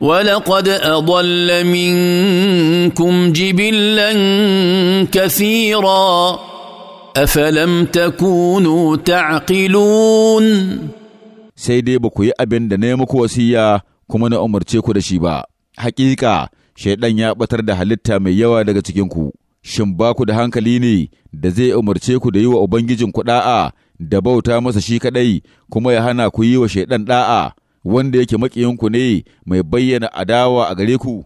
ولقد اضل منكم جبلا كثيرا افلم تكونوا تعقلون sai dai ba ku yi abin da na yi muku wasiya kuma na umarce ku da shi ba hakika shaidan ya batar da halitta mai yawa daga cikinku shin ba ku da hankali ne da zai umarce ku da yi wa ubangijin ku da'a da bauta masa shi kadai kuma ya hana ku yi wa shaidan da'a wanda yake makiyinku ne mai bayyana adawa a gare ku?